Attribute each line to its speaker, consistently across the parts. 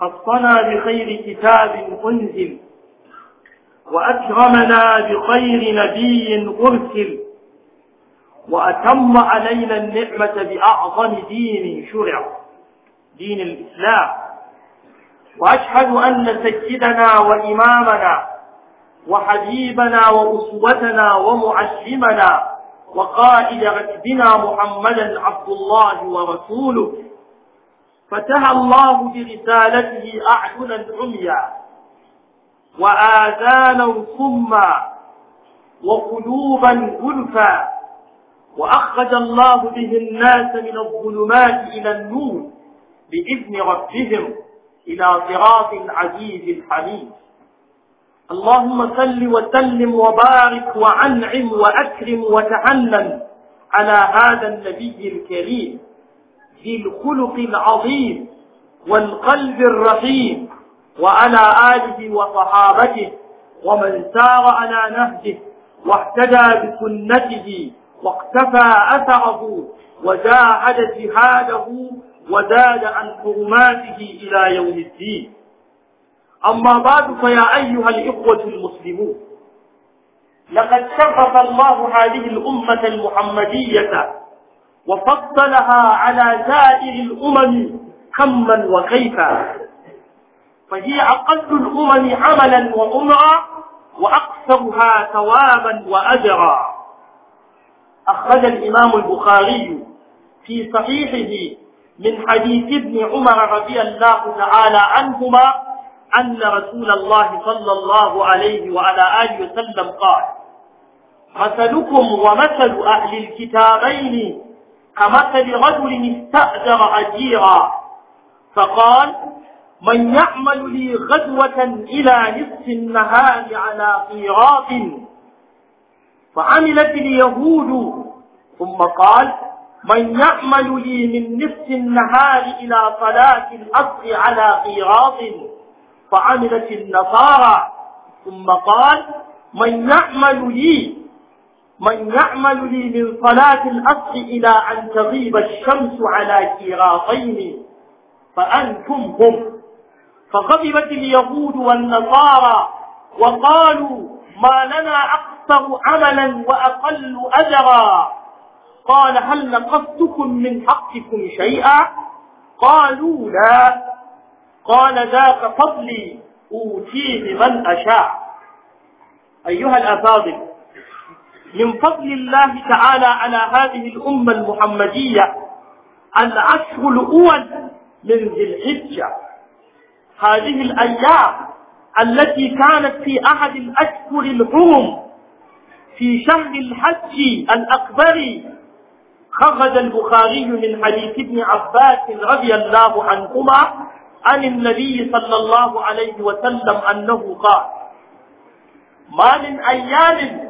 Speaker 1: خصنا بخير كتاب أنزل وأكرمنا بخير نبي أرسل وأتم علينا النعمة بأعظم دين شرع دين الإسلام وأشهد أن سيدنا وإمامنا وحبيبنا وأسوتنا ومعلمنا وقائد ركبنا محمدا عبد الله ورسوله فتح الله برسالته أعينا عميا وآذانا صما وقلوبا غلفا وأخرج الله به الناس من الظلمات إلى النور بإذن ربهم إلى صراط العزيز الحميد اللهم صل وسلم وبارك وأنعم وأكرم وتعلم على هذا النبي الكريم ذي الخلق العظيم والقلب الرحيم وعلى آله وصحابته ومن سار على نهجه واهتدى بسنته واقتفى أثره وجاهد جهاده وزاد عن حرماته إلى يوم الدين أما بعد فيا أيها الإخوة المسلمون لقد شرف الله هذه الأمة المحمدية وفضلها على سائر الأمم كما وكيفا فهي أقل الأمم عملا وأمرا وأكثرها ثوابا وأجرا أخرج الإمام البخاري في صحيحه من حديث ابن عمر رضي الله تعالى عنهما أن رسول الله صلى الله عليه وعلى آله وسلم قال مثلكم ومثل أهل الكتابين كمثل رجل استأجر أجيرا فقال من يعمل لي غدوة إلى نصف النهار على قيراط فعملت اليهود ثم قال من يعمل لي من نصف النهار إلى صلاة الأصل على قيراط فعملت النصارى ثم قال من يعمل لي من يعمل لي من صلاة الأصل إلى أن تغيب الشمس على كراطين فأنتم هم فغضبت اليهود والنصارى وقالوا ما لنا أكثر عملا وأقل أجرا قال هل نقصتكم من حقكم شيئا قالوا لا قال ذاك فضلي أوتيه من أشاء أيها الأفاضل من فضل الله تعالى على هذه الأمة المحمدية العشر الأول من ذي الحجة هذه الأيام التي كانت في أحد الأشهر الحرم في شهر الحج الأكبر خرج البخاري من حديث ابن عباس رضي الله عنهما عن النبي صلى الله عليه وسلم أنه قال ما من أيام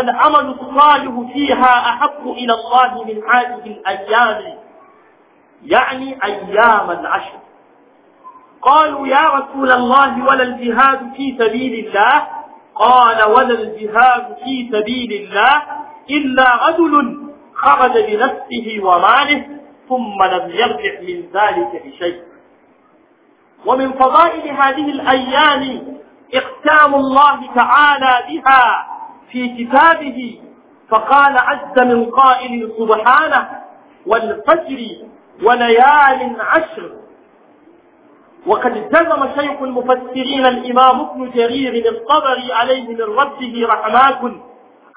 Speaker 1: العمل الصالح فيها أحب إلى الله من هذه الأيام يعني أيام العشر قالوا يا رسول الله ولا الجهاد في سبيل الله قال ولا الجهاد في سبيل الله إلا رجل خرج بنفسه وماله ثم لم يرجع من ذلك بشيء ومن فضائل هذه الأيام إقسام الله تعالى بها في كتابه فقال عز من قائل سبحانه والفجر وليال عشر وقد جزم شيخ المفسرين الإمام ابن جرير الطبري عليه من ربه رحمات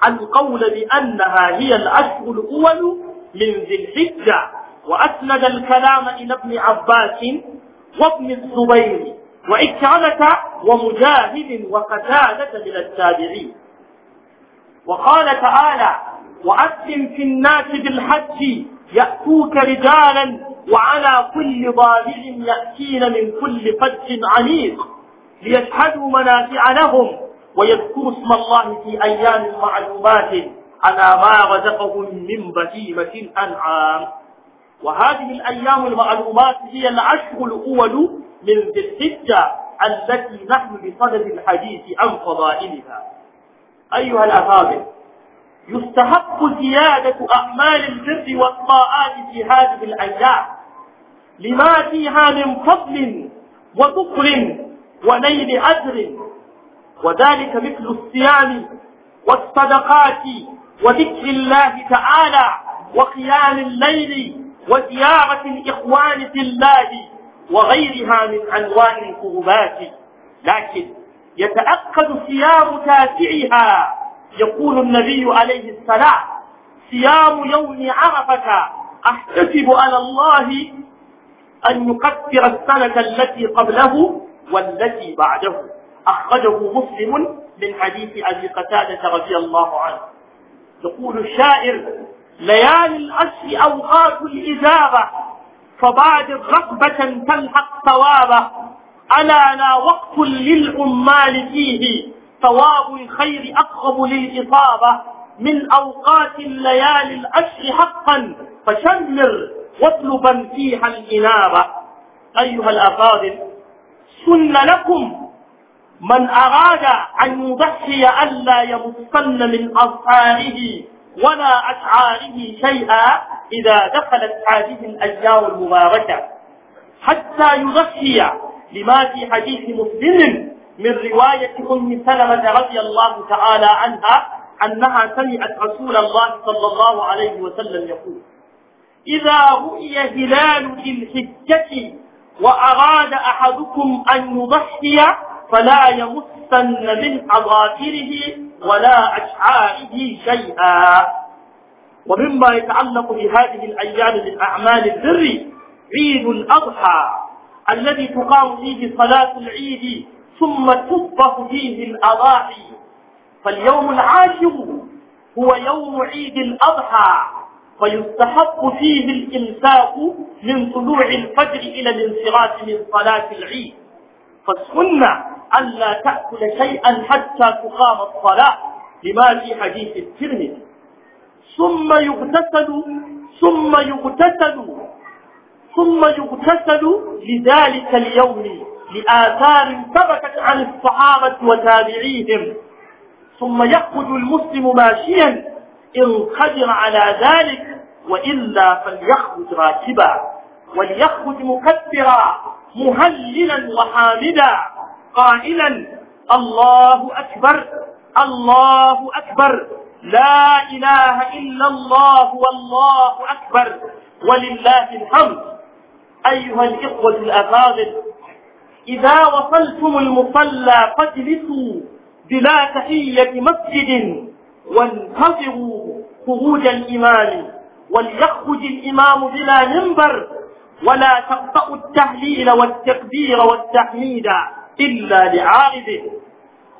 Speaker 1: القول بأنها هي العشر الأول من ذي الحجة وأسند الكلام إلى ابن عباس وابن الزبير وإكرمة ومجاهد وقتادة من التابعين وقال تعالى وأسلم في الناس بالحج يأتوك رجالا وعلى كل ضامع يأتين من كل فج عميق ليشهدوا منافع لهم ويذكروا اسم الله في أيام معلومات على ما رزقهم من بهيمة الأنعام وهذه الأيام المعلومات هي العشر الأول من ذي الحجة التي نحن بصدد الحديث عن فضائلها أيها الأفاضل يستحق زيادة أعمال البر والطاعات في هذه الأيام لما فيها من فضل وذكر ونيل أجر وذلك مثل الصيام والصدقات وذكر الله تعالى وقيام الليل وزيارة الإخوان في الله وغيرها من أنواع الكربات لكن يتأكد صيام تاسعها يقول النبي عليه السلام صيام يوم عرفة أحتسب على الله أن يكفر السنة التي قبله والتي بعده أخرجه مسلم من حديث أبي قتادة رضي الله عنه يقول الشاعر ليالي العشر أوقات الإزارة فبادر رغبة تلحق ثوابه ألا لا وقف للعمال فيه ثواب الخير أقرب للإصابة من أوقات الليالي العشر حقا فشمر واطلبا فيها الإنابة أيها الأفاضل سن لكم من أراد أن يضحي ألا يمصن من أظهاره ولا أشعاره شيئا إذا دخلت هذه الأيام المباركة حتى يضحي لما في حديث مسلم من رواية أم سلمة رضي الله تعالى عنها أنها سمعت رسول الله صلى الله عليه وسلم يقول إذا رؤي هلال ذي الحجة وأراد أحدكم أن يضحي فلا يمسن من أظافره ولا أشعاره شيئا ومما يتعلق بهذه الأيام من أعمال البر عيد الأضحى الذي تقام فيه صلاة العيد ثم تطبخ فيه الأضاحي فاليوم العاشر هو يوم عيد الأضحى فيستحق فيه الإمساك من طلوع الفجر إلى الانصراف من صلاة العيد فالسنة ألا تأكل شيئا حتى تقام الصلاة لما في حديث الترمذي ثم يغتسل ثم يغتسل ثم يغتسل لذلك اليوم لآثار سبقت عن الصحابة وتابعيهم ثم يخرج المسلم ماشيا إن قدر على ذلك وإلا فليخرج راكبا وليخرج مكبرا مهللا وحامدا قائلا الله أكبر الله أكبر لا إله إلا الله والله أكبر ولله الحمد أيها الإخوة الأفاضل إذا وصلتم المصلى فاجلسوا بلا تحية مسجد وانتظروا خروج الإمام وليخرج الإمام بلا منبر ولا تقطعوا التهليل والتكبير والتحميد إلا لعارضه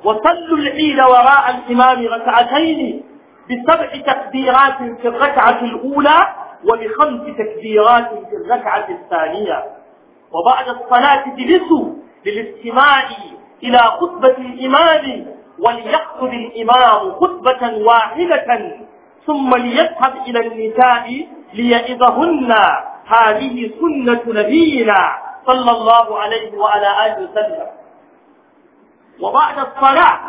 Speaker 1: وصلوا العيد وراء الإمام ركعتين بسبع تكبيرات في الركعة الأولى وبخمس تكبيرات في الركعة الثانية وبعد الصلاة جلسوا للاستماع إلى خطبة الإمام وليقصد الإمام خطبة واحدة ثم ليذهب إلى النساء ليئذهن هذه سنة نبينا صلى الله عليه وعلى آله وسلم وبعد الصلاة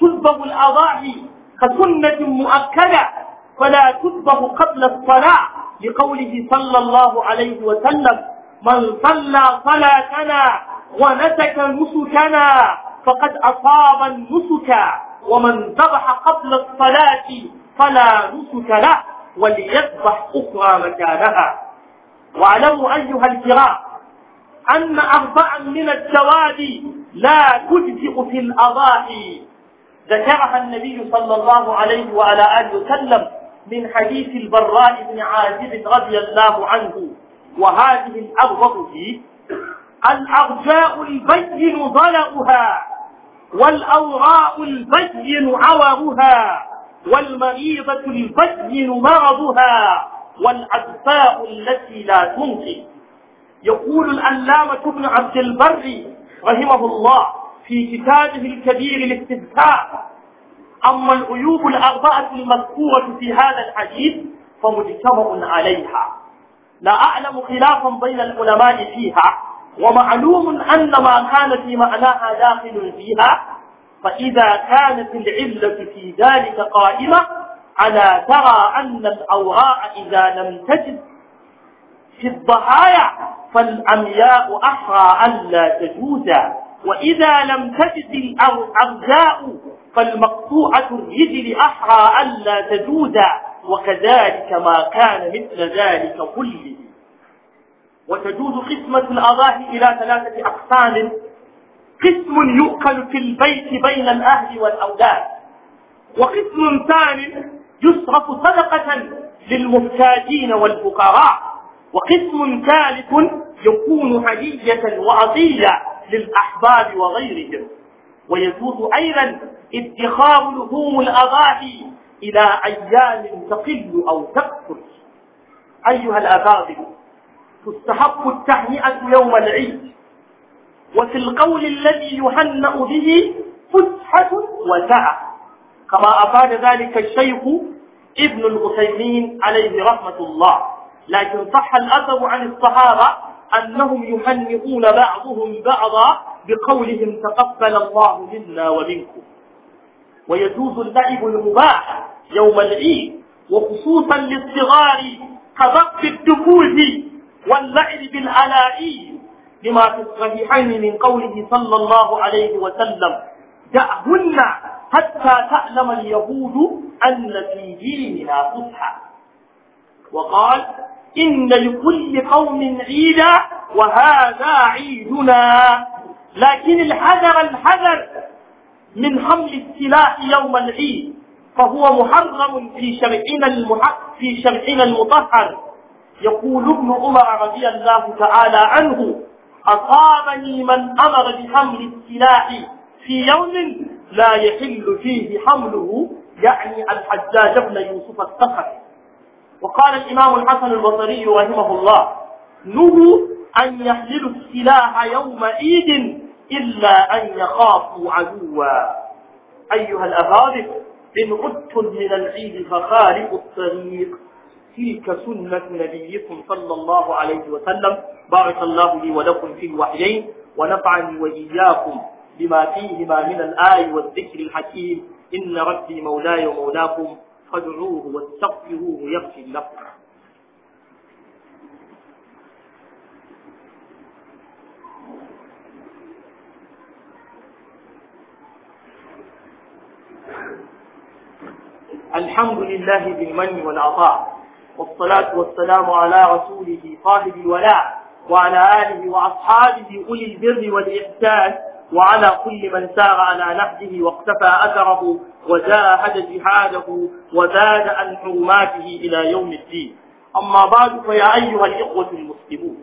Speaker 1: تسبب الأضاحي كسنة مؤكدة فلا تذبح قبل الصلاة لقوله صلى الله عليه وسلم من صلى صلاتنا ونسك نسكنا فقد أصاب النسك ومن ذبح قبل الصلاة فلا نسك له وليذبح أخرى مكانها واعلموا أيها الكرام أن أربعا من الزواد لا تجزئ في الأضاحي ذكرها النبي صلى الله عليه وعلى آله وسلم من حديث البراء بن عازب رضي الله عنه وهذه الأغوض فيه الأرجاء البين ضلؤها والأوراء البين عورها والمريضة البين مرضها والأدفاء التي لا تنقي يقول الألامة ابن عبد البر رحمه الله في كتابه الكبير الاستذكار أما العيوب الأربعة المذكورة في هذا الحديث فمجتمع عليها لا أعلم خلافا بين العلماء فيها ومعلوم أن ما كان في معناها داخل فيها فإذا كانت العلة في ذلك قائمة على ترى أن الأوراء إذا لم تجد في الضحايا فالأمياء أحرى ألا تجوزا وإذا لم تجد الأرجاء فالمقطوعة الرجل أحرى ألا تجودا وكذلك ما كان مثل ذلك كله وتجود قسمة الأضاحي إلى ثلاثة أقسام قسم يؤكل في البيت بين الأهل والأولاد وقسم ثاني يصرف صدقة للمحتاجين والفقراء وقسم ثالث يكون هدية وعطية للأحباب وغيرهم ويجوز أيضا اتخاذ لحوم الأضاحي إلى أيام تقل أو تكثر أيها الأفاضل تستحق التهنئة يوم العيد وفي القول الذي يهنأ به فسحة وسعة كما أفاد ذلك الشيخ ابن العثيمين عليه رحمة الله لكن صح الأثر عن الصحابة أنهم يهنئون بعضهم بعضا بقولهم تقبل الله منا ومنكم ويجوز اللعب المباح يوم العيد وخصوصا للصغار كضرب الدفوز واللعب بالألائي لما في الصحيحين من قوله صلى الله عليه وسلم دعهن حتى تعلم اليهود أن في ديننا فسحة وقال إن لكل قوم عيدا وهذا عيدنا لكن الحذر الحذر من حمل السلاح يوم العيد فهو محرم في شرعنا المحق في شرعنا المطهر يقول ابن عمر رضي الله تعالى عنه أصابني من أمر بحمل السلاح في يوم لا يحل فيه حمله يعني الحجاج بن يوسف الصخر وقال الإمام الحسن البصري رحمه الله نهوا أن يحملوا السلاح يوم عيد إلا أن يخافوا عدوا أيها الأغارب إن عدتم من العيد فخالقوا الطريق تلك سنة نبيكم صلى الله عليه وسلم بارك الله لي ولكم في الوحيين ونفعني وإياكم بما فيهما من الآي والذكر الحكيم إن ربي مولاي ومولاكم فادعوه واستغفروه يغفر لكم الحمد لله بالمن والعطاء والصلاة والسلام على رسوله صاحب الولاء وعلى آله وأصحابه أولي البر والإحسان وعلى كل من سار على نهجه واقتفى أثره وجاهد جهاده وزاد عن حرماته إلى يوم الدين أما بعد فيا أيها الإخوة المسلمون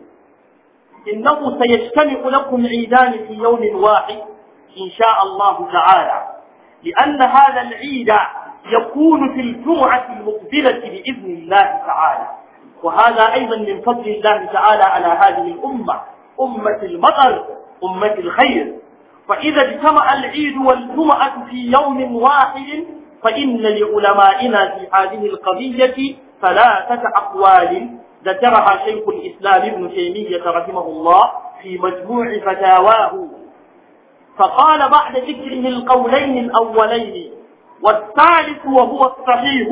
Speaker 1: إنه سيجتمع لكم عيدان في يوم واحد إن شاء الله تعالى لأن هذا العيد يكون في الجمعة المقبلة بإذن الله تعالى وهذا أيضا من فضل الله تعالى على هذه الأمة أمة المطر أمة الخير فإذا اجتمع العيد والجمعة في يوم واحد فإن لعلمائنا في هذه القضية ثلاثة أقوال ذكرها شيخ الإسلام ابن تيمية رحمه الله في مجموع فتاواه فقال بعد ذكره القولين الأولين والثالث وهو الصحيح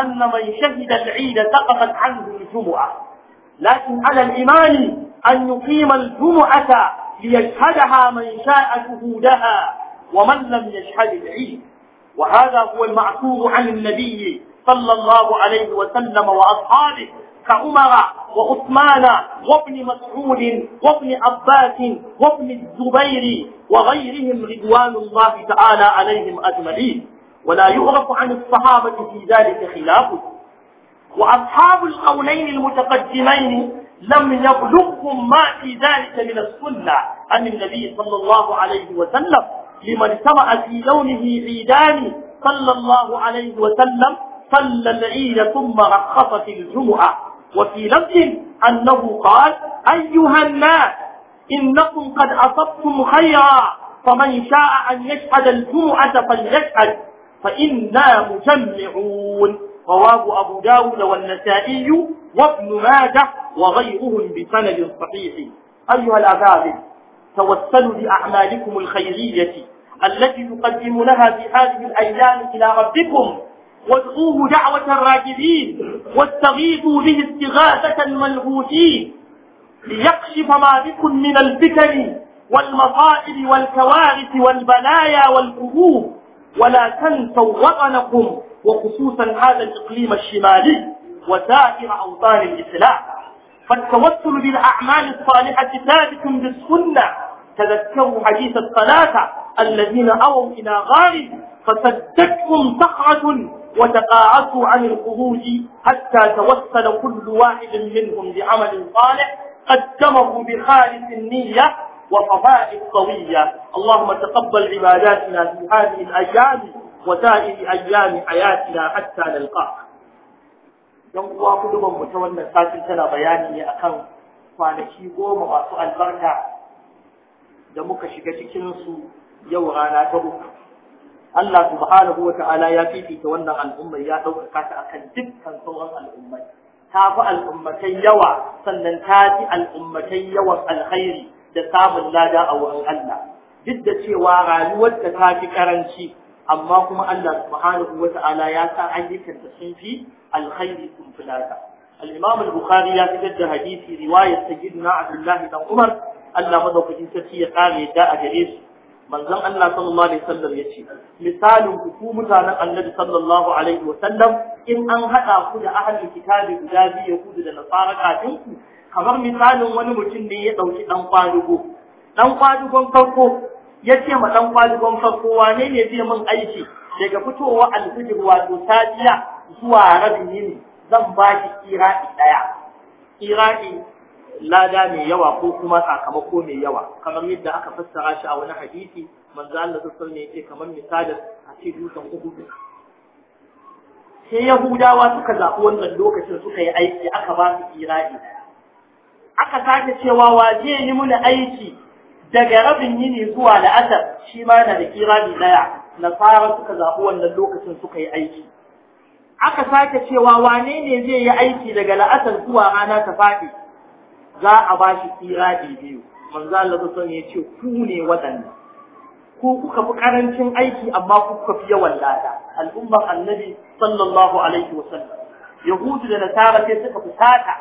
Speaker 1: أن من شهد العيد سقطت عنه الجمعة لكن على الإمام أن يقيم الجمعة ليشهدها من شاء شهودها ومن لم يشهد العيد وهذا هو المعفوظ عن النبي صلى الله عليه وسلم وأصحابه كعمر وعثمان وابن مسعود وابن عباس وابن الزبير وغيرهم رضوان الله تعالى عليهم أجمعين ولا يعرف عن الصحابة في ذلك خلاف وأصحاب القولين المتقدمين لم يبلغهم ما في ذلك من السنة عن النبي صلى الله عليه وسلم لمن سمع في لونه عيدان صلى الله عليه وسلم صلى العيد ثم رخص في الجمعة وفي لفظ أنه قال أيها الناس إنكم قد أصبتم خيرا فمن شاء أن يشهد الجمعة فليشهد فإنا مجمعون رواه أبو داود والنسائي وابن ماجه وغيرهم بسند صحيح أيها الأفاضل توسلوا لأعمالكم الخيرية التي تقدمونها في هذه الأيام إلى ربكم وادعوه دعوة الراجبين واستغيثوا به استغاثة الملهوتين ليكشف ما بكم من الفتن والمصائب والكوارث والبلايا والكروب ولا تنسوا وطنكم وخصوصا هذا الإقليم الشمالي وسائر أوطان الإسلام فالتوسل بالأعمال الصالحة ثابت بالسنة تذكروا حديث الصلاة الذين أووا إلى غار فسدتهم صخرة وتقاعسوا عن الخروج حتى توسل كل واحد منهم بعمل صالح قدمه بخالص النية وفضائل قوية اللهم تقبل عباداتنا في هذه الأيام وسائر أيام حياتنا حتى نلقاك don kuwa kudubar mu ta wannan satin tana bayani ne akan kwanaki goma masu albarka da muka shiga cikinsu yau rana ta uku Allah subhanahu wa ta'ala ya fifita wannan al'ummar ya ɗaukaka ta akan dukkan sauran al'ummai ta fi al'ummatai yawa sannan ta fi al'ummatai yawan alkhairi da samun lada a wurin Allah duk da cewa rayuwar ta ta fi karanci amma kuma Allah subhanahu ta'ala ya sa ayyukan da sun fi alkhairi sun fulata al al-bukhari ya fitar da hadisi riwayar sayyidina abdullahi dan umar Allah madaukakin sarki ya kare da a gare su manzon Allah sallallahu alaihi wasallam ce. misalin ku ku mutanen annabi sallallahu alaihi wasallam in an haɗa ku da ahlul kitabi guda biyu yahudu da nasara kafin ku kamar misalin wani mutum ne ya ɗauki ɗan kwadugo Ɗan kwadugon farko ya ce ma ɗan kwaligon farko wane ne zai mun aiki daga fitowa alfijir wato safiya zuwa rabin yini zan ba shi kiraki ɗaya kiraki lada mai yawa ko kuma sakamako mai yawa kamar yadda aka fassara shi a wani hadisi manzo Allah sallallahu alaihi wasallam kamar misalin a ce dutsen uhudu sai yahudawa suka zaɓi wannan lokacin suka yi aiki aka ba su kiraki aka sake cewa waje ni yi aiki daga rabin yini zuwa la'asar shi ma yana da kirabi daya nasara suka zaɓi wannan lokacin suka yi aiki aka sake cewa wane ne zai yi aiki daga la'asar zuwa rana ta faɗi za a ba shi kirabi biyu manzo Allah sun ya ce ku ne waɗannan ku kuka fi karancin aiki amma ku kuka fi yawan lada al'ummar annabi sallallahu alaihi wasallam yahudu da nasara sai suka fusata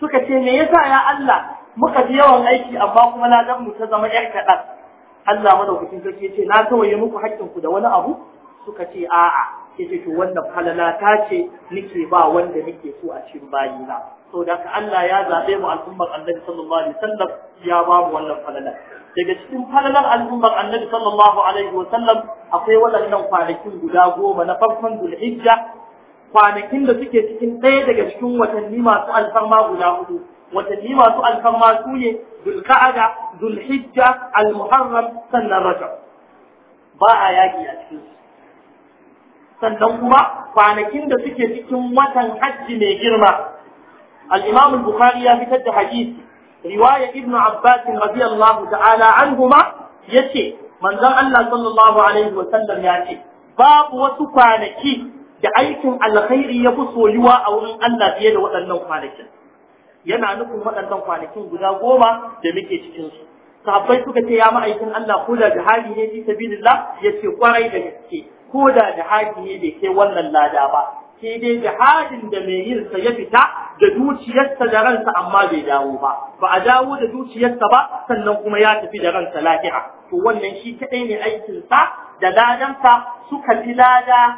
Speaker 1: suka ce me yasa ya Allah muka ji yawan aiki amma kuma na dan mu ta zama yar kaɗan Allah madaukakin sarki ce na tawaye muku haƙƙin ku da wani abu suka ce a'a yace to wannan falala ta ce nake ba wanda nake so a cikin bayina So haka Allah ya zabe mu al'ummar Annabi sallallahu alaihi wasallam ya ba mu wannan falala daga cikin falalar al'ummar Annabi sallallahu alaihi wasallam akwai wannan kwanakin guda goma na farkon Zulhijja kwanakin da suke cikin ɗaya daga cikin watanni masu alfarma guda hudu watanni masu alfarma su ne zulka'ada zulhijja almuharram sannan rajab ba yaƙi a cikin sannan kuma kwanakin da suke cikin watan hajji mai girma al-imam al-bukhari ya fitar da hadisi riwaya ibnu abbas radiyallahu ta'ala anhuma yace manzon Allah sallallahu alaihi wa sallam ya ce babu wasu kwanaki da aikin alkhairi ya fi soyuwa a wurin Allah fiye da waɗannan kwanakin yana nufin waɗannan kwanakin guda goma da muke cikin su sabai suka ce ya ma'aikin Allah ko da jihadi ne fi sabilillah ya ce kwarai da gaske ko da jihadi ne bai kai wannan lada ba sai dai jihadin da mai yin sa ya fita da dukiyarsa da ransa amma bai dawo ba ba a dawo da dukiyarsa ba sannan kuma ya tafi da ransa lafiya to wannan shi kadai ne aikin sa da ladansa suka fi lada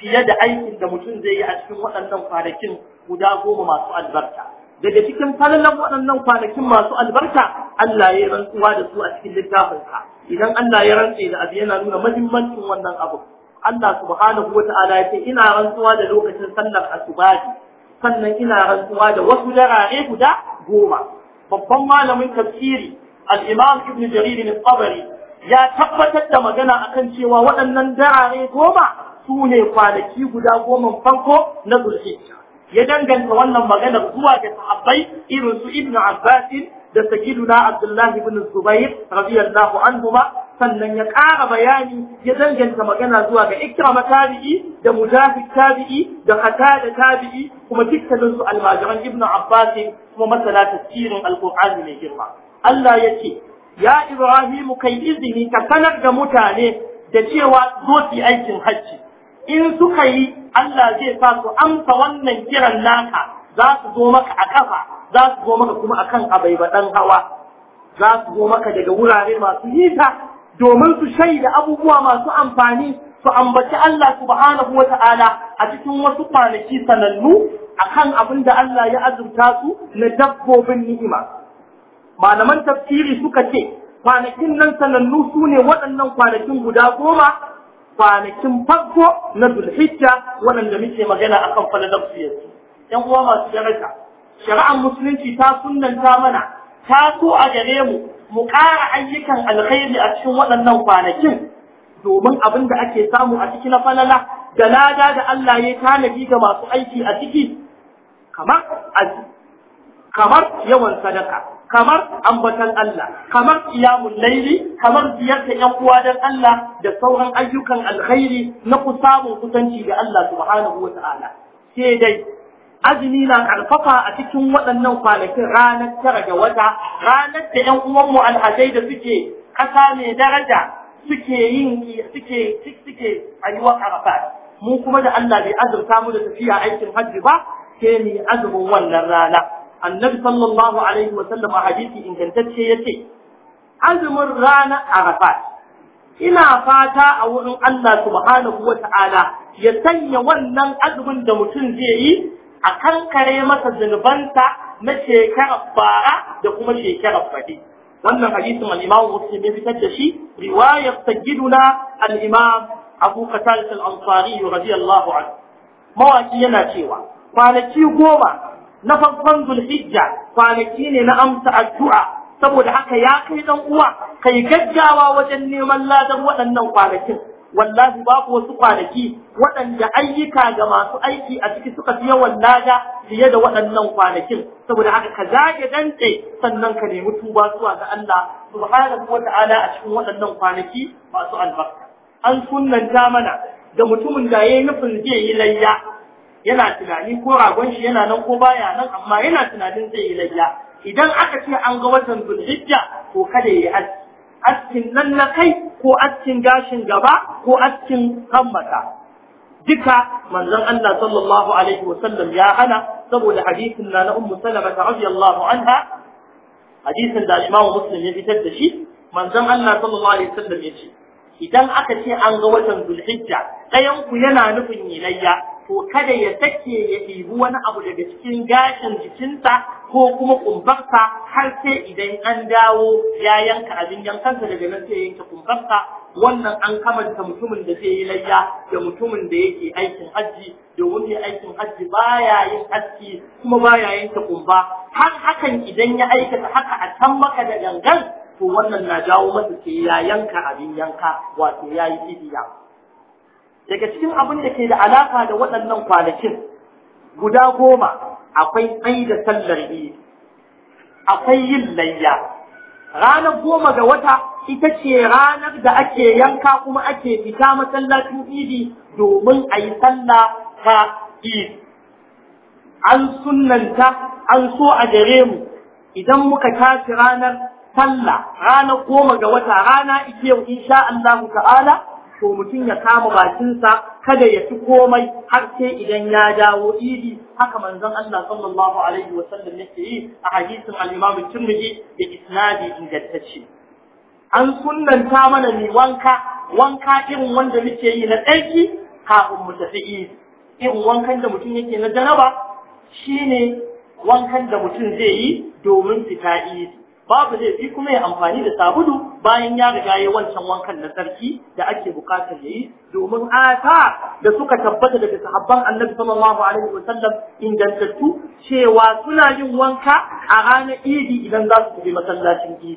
Speaker 1: fiye da aikin da mutum zai yi a cikin waɗannan kwanakin guda goma masu albarka daga cikin falalan waɗannan kwanakin masu albarka Allah ya rantsuwa da su a cikin littafinsa idan Allah ya rantse da abu yana nuna muhimmancin wannan abu Allah subhanahu wa ta'ala ya ce ina rantsuwa da lokacin sallar asubahi sannan ina rantsuwa da wasu darare guda goma babban malamin tafsiri al-Imam Ibn Jarir tabari ya tabbatar da magana akan cewa waɗannan darare goma su ne kwanaki guda goma farko na Zulhijja ya danganta wannan maganar zuwa ga sahabbai irin su Ibn Abbas da Sayyiduna Abdullah ibn Zubair radiyallahu anhuma sannan ya ƙara bayani ya danganta magana zuwa ga Ikrama tabi'i da Mujahid tabi'i da Qatada tabi'i kuma dukkanin su almajiran Ibn Abbas kuma masana tafsirin Al-Qur'ani mai girma Allah ya ce ya Ibrahim kai izini ka sanar da mutane da cewa zo aikin hajji in suka yi Allah zai sa su amsa wannan kiran naka za su zo maka a kafa za su zo maka kuma akan abaibadan hawa za su zo maka daga wurare masu nisa domin su shaida abubuwa masu amfani su ambaci Allah subhanahu wa ta'ala a cikin wasu kwanaki sanannu akan abin da Allah ya azurta su na dabbobin ni'ima malaman tafsiri suka ce kwanakin nan sanannu su ne waɗannan kwanakin guda goma kwanakin farko na zulhijja waɗanda muke magana akan falalar su yan uwa masu daraja shari'ar musulunci ta sunanta mana ta so a gare mu mu ƙara ayyukan alkhairi a cikin waɗannan kwanakin domin abin da ake samu a ciki na falala da lada da Allah ya tanadi ga masu aiki a ciki kamar kamar yawan sadaka kamar ambatan Allah kamar iyamun laili kamar ziyarta yan uwa dan Allah da sauran ayyukan alkhairi na ku kusanci da Allah subhanahu wa ta'ala sai dai azumi na karfafa a cikin waɗannan kwanakin ranar tara ga wata ranar da yan uwanmu al'adai da suke ƙasa mai daraja suke yin suke suke mu kuma da Allah bai azurta mu da tafiya aikin hajji ba sai ni azumin wannan rana annabi sallallahu alaihi wa sallam a hadisi ingantacce yace azumin rana arafat ina fata a wurin Allah subhanahu wa ta'ala ya sanya wannan azumin da mutum zai yi a kankare masa zunubanta na shekarar bara da kuma shekarar fadi wannan hadisin al-Imam Muslim ya fitar da shi riwayar sayyiduna al-Imam Abu Qatada al-Ansari radiyallahu anhu mawaki yana cewa kwanaki goma na farkon zulhijja kwanaki ne na amsa addu'a saboda haka ya kai dan uwa kai gaggawa wajen neman ladan waɗannan kwanakin wallahi babu wasu kwanaki waɗanda ayyuka ga masu aiki a ciki suka fi yawan lada fiye da waɗannan kwanakin saboda haka ka zage dantse sannan ka nemi tuba zuwa ga Allah subhanahu wata'ala a cikin waɗannan kwanaki masu albarka an sunnan mana da mutumin da yi nufin zai yi layya yana tunani ko ragon shi yana nan ko baya nan amma yana tunanin zai yi layya idan aka ce an ga watan zulhijja to kada ya yi aski askin nan na kai ko askin gashin gaba ko askin hammata duka manzon Allah sallallahu alaihi wa sallam ya hana saboda hadisin na ummu salama radiyallahu anha hadisin da Imam Muslim ya fitar da shi manzon Allah sallallahu alaihi wa sallam ya ce idan aka ce an ga watan zulhijja ɗayan ku yana nufin yilayya ko kada ya sake ya ɗibi wani abu daga cikin gashin jikinsa ko kuma kumbarsa har sai idan an dawo ya yanka abin yankansa daga nan sai ya yanka kumbarsa wannan an kamanta mutumin da zai yi layya da mutumin da yake aikin hajji domin mai aikin hajji baya yin aski kuma baya yanke kumba har hakan idan ya aikata haka a can maka da gangan to wannan na jawo masa sai ya yanka abin yanka wato ya yi fidiya daga cikin abin da ke da alaka da waɗannan kwanakin guda goma akwai tsayi da sallar idi akwai yin layya ranar goma ga wata ita ce ranar da ake yanka kuma ake fita masallacin idi domin a yi sallah ta idi an sunnanta an so a gare mu idan muka tashi ranar sallah ranar goma ga wata rana ike yau insha Allah ta'ala to mutum ya kama bakinsa kada ya ci komai har sai idan ya dawo idi haka manzon Allah sallallahu alaihi wa sallam yake yi a hadisin al-Imam Tirmidhi da isnadi ingantacce an sunnanta mana ni wanka wanka irin wanda muke yi na tsarki kafin mu tafi idi irin wankan da mutum yake na janaba shine wankan da mutum zai yi domin fita idi babu laifi kuma ya amfani da sabulu bayan ya riga ya wancan wankan na sarki da ake bukatar yayi domin ata da suka tabbata daga sahabban Annabi sallallahu alaihi wasallam ingantattu cewa suna yin wanka a ranar Idi idan za su tafi masallacin Idi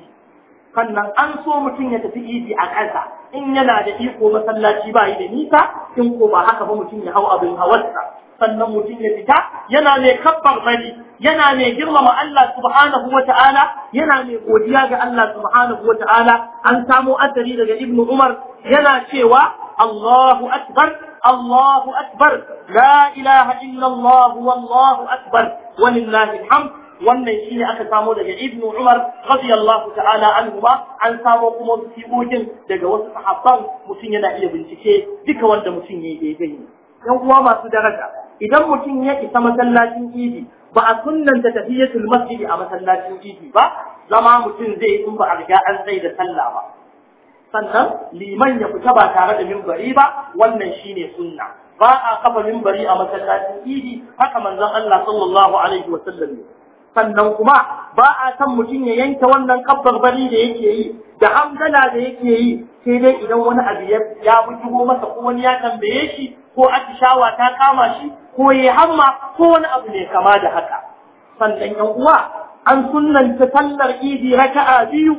Speaker 1: sannan an so mutum ya tafi Idi a ƙasa in yana da iko masallaci ba yi da nisa in ko ba haka ba mutum ya hau abin hawarsa sannan mutum ya fita yana mai kabbar bari yana mai girmama Allah subhanahu wa ta'ala yana mai godiya ga Allah subhanahu wa ta'ala an samo asali daga Ibn Umar yana cewa Allahu akbar Allahu akbar la ilaha illa Allah wallahu akbar walillahi alhamd wannan shi ne aka samo daga ibnu umar radiyallahu ta'ala anhu ba an samo kuma sigokin daga wasu sahabban mutum yana iya bincike duka wanda mutum ya yi ne yan uwa masu daraja idan mutum ya isa masallacin idi ba a sunnanta tahiyatul masjidi a masallacin idi ba zama mutum zai in ba a riga an tsaye da sallah ba sannan liman ya fita ba tare da mimbari ba wannan shine sunna ba a kafa mimbari a masallacin idi haka manzon Allah sallallahu alaihi wa sallam sannan kuma ba a san mutum ya yanke wannan kabbar bari da yake yi da hamdala da yake yi sai dai idan wani abu ya bujigo masa ko wani ya tambaye shi ko atishawa ta kama shi ko ya hamma ko wani abu ne kama da haka sannan yan uwa an sunnanta sallar idi raka'a biyu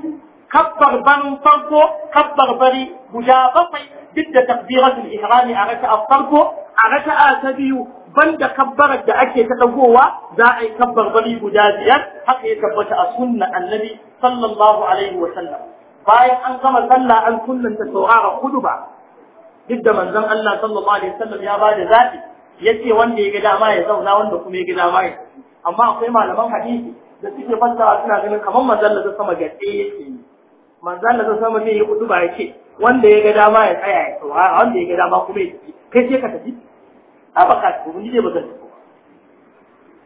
Speaker 1: kabbar barin farko kabbar bari guda bakwai duk da takbiratul ihrami a raka'a farko a raka'a ta biyu banda kabbarar da ake ta dagowa za a yi kabbar bari guda biyar haka ya tabbata a sunna annabi sallallahu alaihi wa sallam bayan an gama sallah an kullunta saurara ba. duk da manzon Allah sallallahu alaihi wasallam ya ba da zaɓi yace wanda ya ga dama ya zauna wanda kuma ya ga dama ya amma akwai malaman hadisi da suke fassara suna ganin kamar manzon Allah sama ga tsaye yake manzon Allah sama ne ya kudu ba ce, wanda ya ga dama ya tsaya ya saurara wanda ya ga dama kuma ya tafi kai ce ka tafi a baka ka ni dai ba zan tafi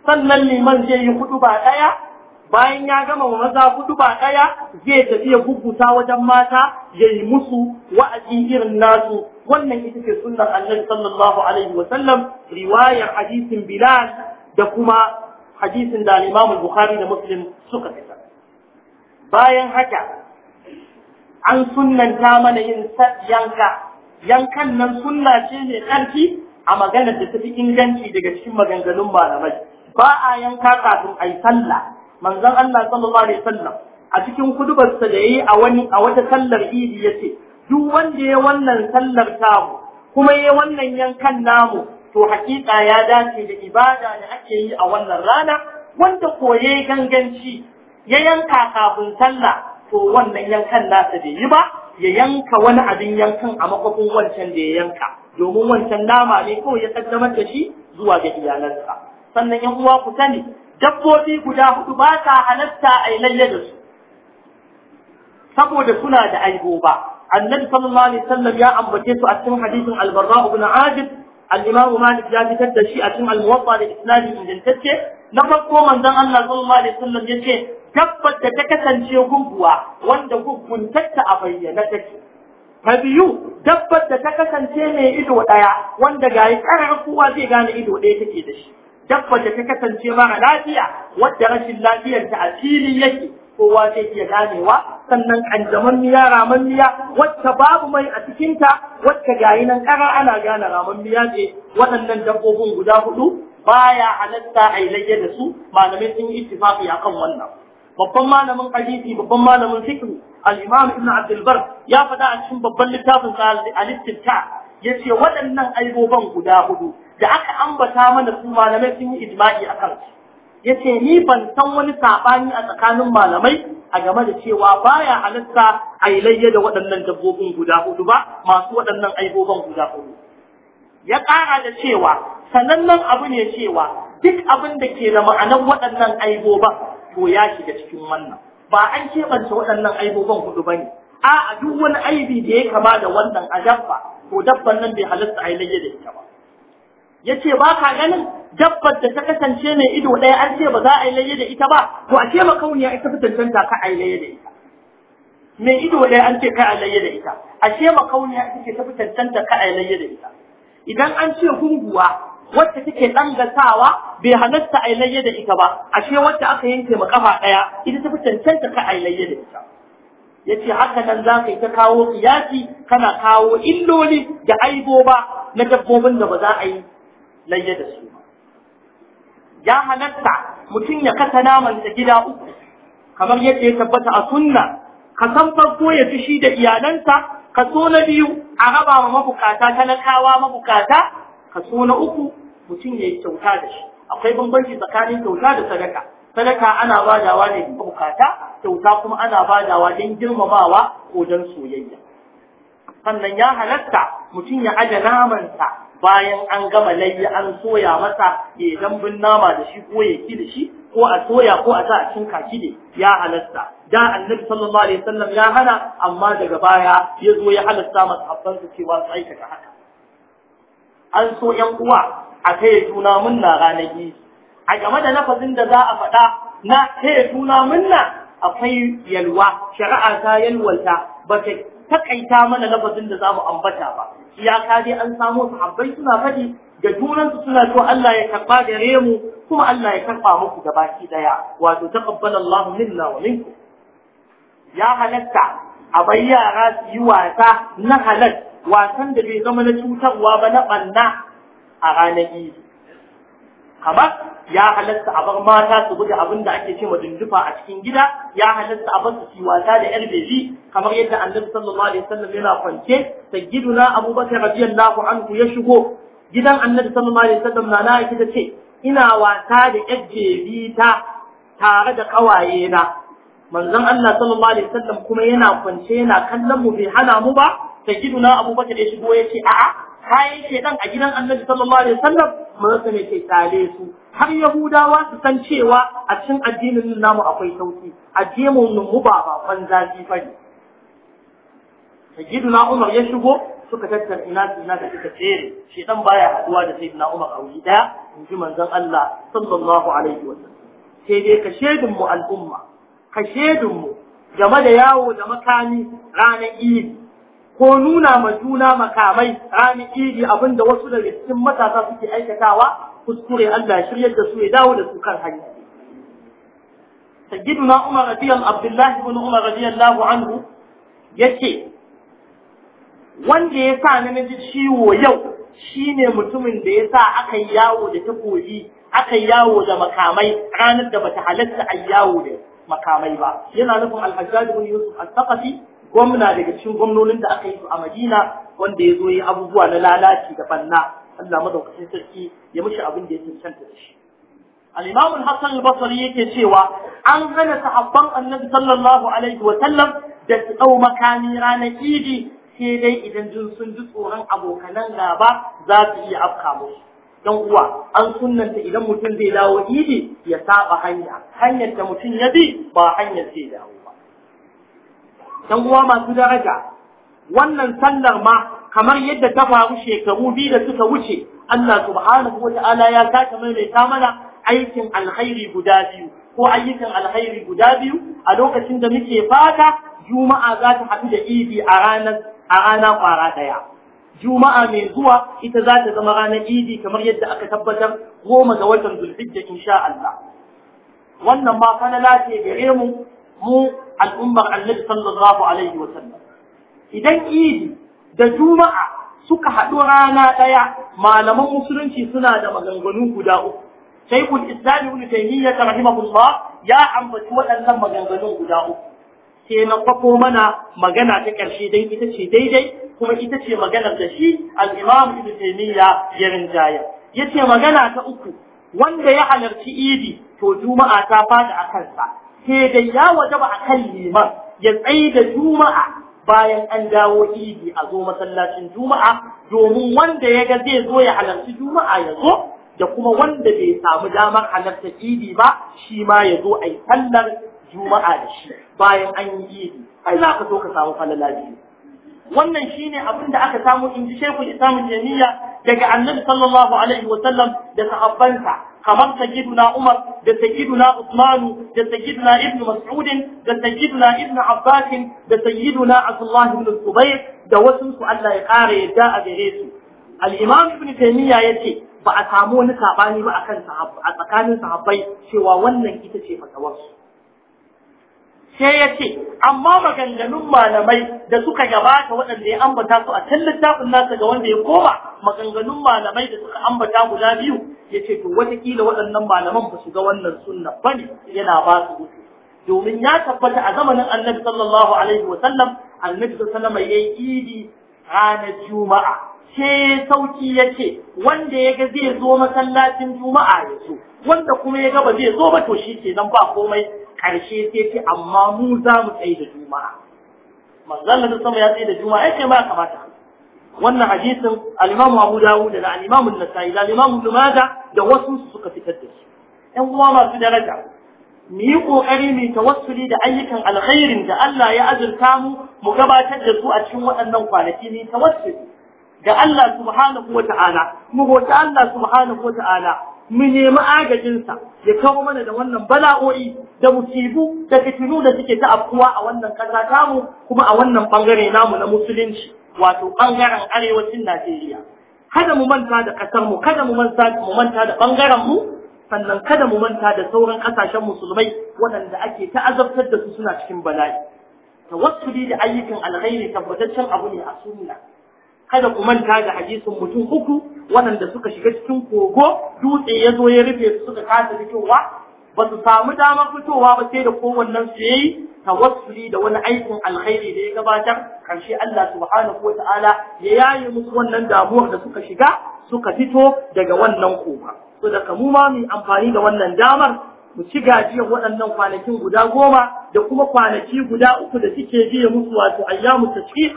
Speaker 1: sannan liman zai yi kudu ba daya bayan ya gama wa maza hudu ba ɗaya zai tafi ya gugguta wajen mata ya yi musu wa'azi irin nasu wannan ita ce sunnar annabi sallallahu alaihi wa sallam riwayar hadisin bilal da kuma hadisin da al bukhari da muslim suka fita bayan haka an sunnanta mana yin yanka yankan nan sunna ce mai ƙarfi a maganar da tafi inganci daga cikin maganganun malamai ba a yanka kafin a yi sallah manzon Allah sallallahu alaihi wasallam a cikin kudubarsa da yayi a wani a wata sallar idi yace duk wanda ya wannan sallar tamu kuma yayi wannan yankan namu to hakika ya dace da ibada da ake yi a wannan rana wanda koye ganganci ya yanka kafin sallah to wannan yankan nasa bai yi ba ya yanka wani abin yankan a makwafin wancan da ya yanka domin wancan nama ne ko ya kaddamar da shi zuwa ga iyalansa sannan yan uwa ku sani dabbobi guda hudu ba sa halatta a yi lalle da su saboda suna da aibo ba Annan sallallahu alaihi wasallam ya ambace su a cikin hadisin albarra ibn azib al-imam malik ya fitar da shi a cikin al-muwatta da isnadi ingantacce na farko manzon Allah sallallahu alaihi wasallam ce dabbar da ta kasance gugguwa wanda gugguntarta a bayyana take ta biyu dabbar da ta kasance mai ido daya wanda yi karar kowa zai gane ido ɗaya take da shi dabba da ta kasance mara lafiya wadda rashin lafiyarta a fili yake kowa zai iya ganewa sannan kanjaman miya raman miya wacce babu mai a cikinta wacce gayi nan kara ana gane raman miya ce waɗannan dabbobin guda hudu baya halatta a ilayya da su malamai sun yi ittifaqi akan wannan babban malamin hadisi babban malamin fiqh al-imam ibn abd al-bar ya faɗa a cikin babban littafin sa al-istinta yace waɗannan aiboban guda hudu da aka ambata mana su malamai sun yi ijma'i a kan yace ni ban san wani saɓani a tsakanin malamai a game da cewa baya halatta a layya da waɗannan dabbobin guda hudu ba masu waɗannan aibobin guda hudu ya ƙara da cewa sanannen abu ne cewa duk abin da ke da ma'anar waɗannan aibobin to ya shiga cikin wannan ba an keɓance waɗannan aibobin hudu ba ne a duk wani aibi da ya kama da wannan a dabba to dabban nan bai halatta a da ita ba yace ba ka ganin dabbar da ta kasance mai ido ɗaya an ce ba za a yi laye da ita ba to ashe makauniya ita ta tantanta ka a yi laye da ita mai ido ɗaya an ce kai a laye da ita ashe makauniya ita ce ta tantanta ka a yi laye da ita idan an ce hunguwa wacce take dangantawa bai halatta a layye da ita ba ashe wacce aka yanke ma kafa ɗaya ita tafi cancanta ka a layye da ita yace haka nan za ka yi ta kawo kiyasi kana kawo illoli da aibo ba na dabbobin da ba za a yi layya da su ya halatta mutum ya kasa naman da gida uku kamar yadda ya tabbata a sunna ka san farko ya fi shi da iyalansa kaso na biyu a raba wa mabukata talakawa mabukata kaso na uku mutum ya yi kyauta da shi akwai bambanci tsakanin kyauta da sadaka sadaka ana badawa ne mabukata kyauta kuma ana badawa don girmamawa ko don soyayya sannan ya halatta mutum ya aje namansa bayan an gama layi an soya masa ya dambun nama da shi ko ya ki da shi ko a soya ko a sa a cin kaki ne ya halasta da annabi sallallahu alaihi wasallam ya hana amma daga baya ya zo ya halasta masahabban su cewa su aikata haka an so yan uwa a kai juna munna ranar a game da lafazin da za a faɗa na taya juna munna akwai yalwa shari'a ta yalwata ba ta takaita mana lafazin da za mu ambata ba iyaka dai an samu sahabbai suna faɗi da junansu suna so Allah ya karɓa gare mu kuma Allah ya karɓa muku da baki ɗaya. wato taqabbala Allahu minna wa minkum ya halatta a bai yara su yi wasa na halal wasan da bai zama na cutarwa ba na ɓanna a ranar idi kamar ya halatta a bar mata su gudu abin da ake cewa dundufa a cikin gida ya halatta a bar su ci wasa da yar bebi kamar yadda annabi sallallahu alaihi wasallam yana kwance sayyiduna abubakar radiyallahu anhu ya shigo gidan annabi sallallahu alaihi wasallam na na'aiki ta ce ina wasa da yar bebi ta tare da kawaye na manzon Allah sallallahu alaihi wasallam kuma yana kwance yana kallon mu bai hana mu ba sayyiduna abubakar ya shigo ya ce a'a kayan shaidan a gidan annabi sallallahu alaihi wasallam manzo ne ke tare su har yahudawa su san cewa a cikin addinin namu akwai sauki addinin mu ba bakon zafi bane sayyiduna umar ya shigo suka tattara ina ina da suka tsere shaidan baya haduwa da sayyiduna umar a wuri daya in ji manzon Allah sallallahu alaihi wasallam sai dai ka shedin mu al'umma ka shedin mu game da yawo da makami ranar idi ko nuna ma juna makamai rani idi abinda wasu daga cikin matasa suke aikatawa kuskure Allah shiryar su ya dawo da su kan hanya sayyiduna Umar radiyallahu Abdullah ibn Umar radiyallahu anhu yace wanda ya sa ni naji ciwo yau shi ne mutumin da ya sa aka yawo da takobi aka yawo da makamai ranar da bata halarta a yawo da makamai ba yana nufin al-Hajjaj ibn Yusuf al-Thaqafi gwamna daga cikin gwamnonin da aka yi su a Madina wanda ya zo yi abubuwa na lalaci da banna Allah madaukakin sarki ya mishi abin da ya cancanta da shi al-Imam al-Hasan al-Basri yake cewa an hana sahabban Annabi sallallahu alaihi wa sallam da su dau makami ranar Idi sai dai idan jin sun ji tsoron abokanan gaba za su iya afka musu dan uwa an sunnanta idan mutum zai dawo Idi ya saba hanya hanyar da mutum ya bi ba hanyar zai dawo ɗan uwa masu daraja wannan sallar ma kamar yadda ta faru shekaru biyu da suka wuce Allah subhanahu wa ta'ala ya sake maimaita mana aikin alkhairi guda biyu ko ayyukan alkhairi guda biyu a lokacin da muke fata juma'a za ta haɗu da idi a ranar a rana kwara ɗaya juma'a mai zuwa ita za ta zama ranar idi kamar yadda aka tabbatar goma ga watan zulhijja insha Allah wannan ma na ce gare mu mu al'ummar annabi sallallahu alaihi wa sallam idan idi da juma'a suka haɗu rana ɗaya malaman musulunci suna da maganganu guda uku shaikul islam ibn taymiyyah rahimahullah ya ambaci waɗannan maganganun guda uku sai na kwafo mana magana ta ƙarshe dai ita ce daidai kuma ita ce maganar da shi al'imam ibn taimiyya ya rinjaya ya ce magana ta uku wanda ya halarci idi to juma'a ta fada a kansa sai da ya wajaba a kan liman ya tsaye da juma'a bayan an dawo idi a zo masallacin juma'a domin wanda ya ga zai zo ya halarci juma'a ya zo da kuma wanda bai samu damar halarta idi ba shi ma ya zo a yi sallar juma'a da shi bayan an yi idi ai za ka so ka samu falala biyu wannan shine abin da aka samu in ji Sheikhul Islam Jamiya daga Annabi sallallahu alaihi wa sallam da sahabbansa kamar sayyiduna Umar da sayyiduna Usman da sayyiduna Ibn Mas'ud da sayyiduna Ibn Abbas da sayyiduna Abdullah ibn Zubair da wasu su Allah ya kare yadda a gare su al-Imam Ibn Taymiyyah yace ba a samu wani sabani ba akan a tsakanin sahabbai cewa wannan ita ce fatawarsu sai ya ce amma maganganun malamai da suka gabata waɗanda ya ambata su a can littafin nasa ga wanda ya koma maganganun malamai da suka ambata guda biyu ya ce to watakila waɗannan malaman ba su ga wannan sunna ba ne yana ba su wuce domin ya tabbata a zamanin annabi sallallahu alaihi wa sallam annabi sallallahu alaihi ya yi idi ranar juma'a sai sauki ya ce wanda ya ga zai zo masallacin juma'a ya zo wanda kuma ya ga ba zai zo ba to shi kenan ba komai Karshe sai ce amma mu za mu tsaye da juma'a manzon da sama ya tsaye da juma'a yake ba kamata wannan hadisin al-Imam Abu Dawud da al-Imam An-Nasa'i da al-Imam Ibn Majah da wasu suka fitar da shi ɗan uwa masu daraja mu yi ƙoƙari mu tawassuli da ayyukan alkhairin da Allah ya azurta mu mu gabatar da su a cikin waɗannan kwanaki mu tawassuli da Allah subhanahu wa ta'ala mu bauta Allah subhanahu wa ta'ala mu nemi agajinsa ya kawo mana da wannan bala'o'i da musibu da fitinu da suke ta afkuwa a wannan ƙasa tamu kuma a wannan ɓangare namu na musulunci wato ɓangaren arewacin Najeriya. Kada mu manta da ƙasar mu, kada mu manta mu manta da ɓangaren mu, sannan kada mu manta da sauran ƙasashen musulmai waɗanda ake ta azabtar da su suna cikin bala'i. Tawassuli da ayyukan alkhairi tabbataccen abu ne a sunna. Kada ku manta da hadisin mutum uku waɗanda suka shiga cikin kogo dutse ya zo ya rufe su suka kasa fitowa ba su samu damar fitowa ba sai da kowannen su yayi tawassuli da wani aikin alkhairi da ya gabatar karshe Allah subhanahu ta'ala ya yaye musu wannan damuwar da suka shiga suka fito daga wannan koba so da mu ma mu amfani da wannan damar mu ci gajiyar waɗannan kwanakin guda goma da kuma kwanaki guda uku da suke biye musu wato ayyamu tashriq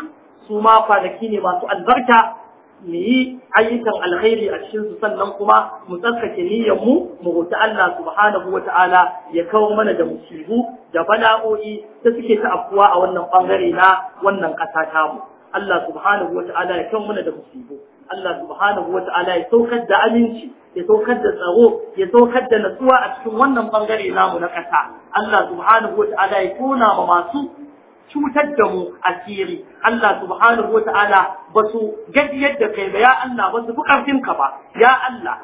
Speaker 1: su ma kwanaki ne masu albarka mu yi ayyukan alkhairi a cikin su sannan kuma mu tsarkake niyyar mu mu roki Allah subhanahu wata'ala ya kawo mana da musibu da bala'o'i ta suke ta afkuwa a wannan bangare na wannan ƙasa ta mu Allah subhanahu wata'ala ya kawo mana da musibu Allah subhanahu wata'ala ya saukar da aminci ya saukar da tsaro ya saukar da natsuwa a cikin wannan bangare namu na ƙasa Allah subhanahu wata'ala ya tona ma masu cutar da mu asiri Allah subhanahu wa ta'ala ba su gajiyar da kai ba ya Allah ba su fi ba ya Allah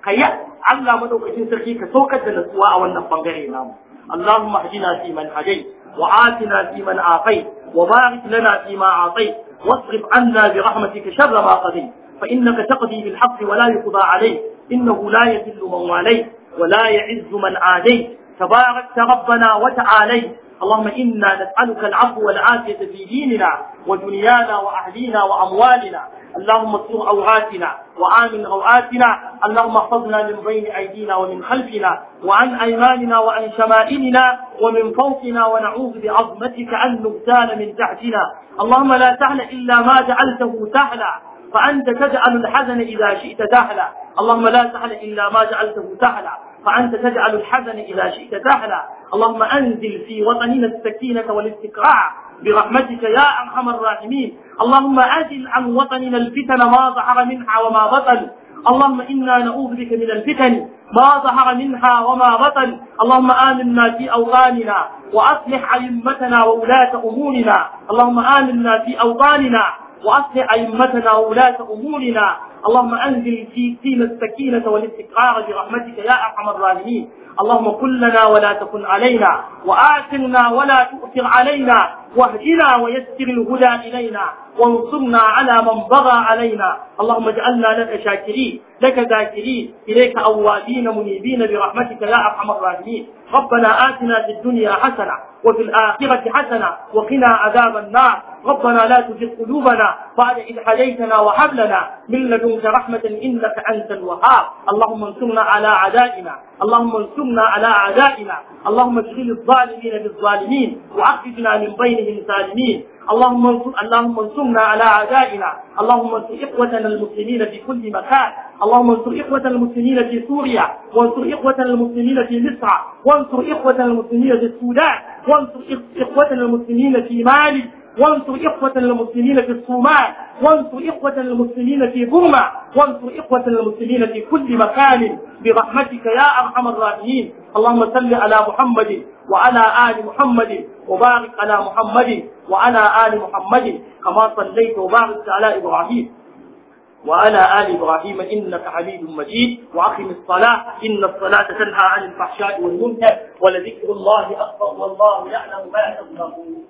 Speaker 1: ka yi Allah madaukakin sarki ka saukar da nasuwa a wannan bangare namu اللهم اهدنا فيمن هديت وعافنا فيمن عافيت وبارك لنا فيما اعطيت واصرف عنا برحمتك شر ما قضيت فانك تقضي بالحق ولا يقضى عليك انه لا يذل من واليت ولا يعز من عاديت تباركت ربنا وتعاليت اللهم إنا نسألك العفو والعافية في ديننا ودنيانا وأهلينا وأموالنا اللهم استر اوقاتنا وآمن روعاتنا اللهم احفظنا من بين أيدينا ومن خلفنا وعن أيماننا وعن شمائلنا ومن فوقنا ونعوذ بعظمتك أن نغتال من تحتنا اللهم لا سهل إلا ما جعلته سهلا فأنت تجعل الحزن إذا شئت سهلا اللهم لا سهل إلا ما جعلته سهلا فأنت تجعل الحزن إذا شئت سهلا اللهم أنزل في وطننا السكينة والاستقرار برحمتك يا أرحم الراحمين اللهم أزل عن وطننا الفتن ما ظهر منها وما بطن اللهم إنا نعوذ بك من الفتن ما ظهر منها وما بطن اللهم آمنا في أوطاننا وأصلح أئمتنا وولاة أمورنا اللهم آمنا في أوطاننا وأصلح أئمتنا وولاة أمورنا اللهم أنزل في فينا السكينة والاستقرار برحمتك يا أرحم الراحمين اللهم كن لنا ولا تكن علينا وآثرنا ولا تؤثر علينا واهدنا ويسر الهدى إلينا وانصرنا على من بغى علينا اللهم اجعلنا لك شاكرين لك ذاكرين إليك أوابين منيبين برحمتك يا أرحم الراحمين ربنا آتنا في الدنيا حسنة وفي الآخرة حسنة وقنا عذاب النار ربنا لا تجد قلوبنا بعد إذ هديتنا وحبلنا من لدنك رحمة إنك أنت الوهاب اللهم انصرنا على أعدائنا اللهم انصرنا على أعدائنا اللهم اشغل الظالمين بالظالمين وعقدنا من بينهم سالمين اللهم انصر اللهم انصرنا على اعدائنا، اللهم انصر اخوتنا المسلمين في كل مكان، اللهم انصر اخوتنا المسلمين في سوريا، وانصر اخوتنا المسلمين في مصر، وانصر اخوتنا المسلمين في السودان، وانصر إخوتنا المسلمين في مالي وانصر إخوتنا المسلمين في الصومال وانصر إخوتنا المسلمين في بورما وانصر إخوتنا المسلمين في كل مكان برحمتك يا أرحم الراحمين اللهم صل على محمد وعلى آل محمد وبارك على محمد وعلى آل محمد كما صليت وباركت على إبراهيم وعلى آل إبراهيم إنك حميد مجيد وأقم الصلاة إن الصلاة تنهى عن الفحشاء والمنكر ولذكر الله أكبر والله يعلم ما تصنعون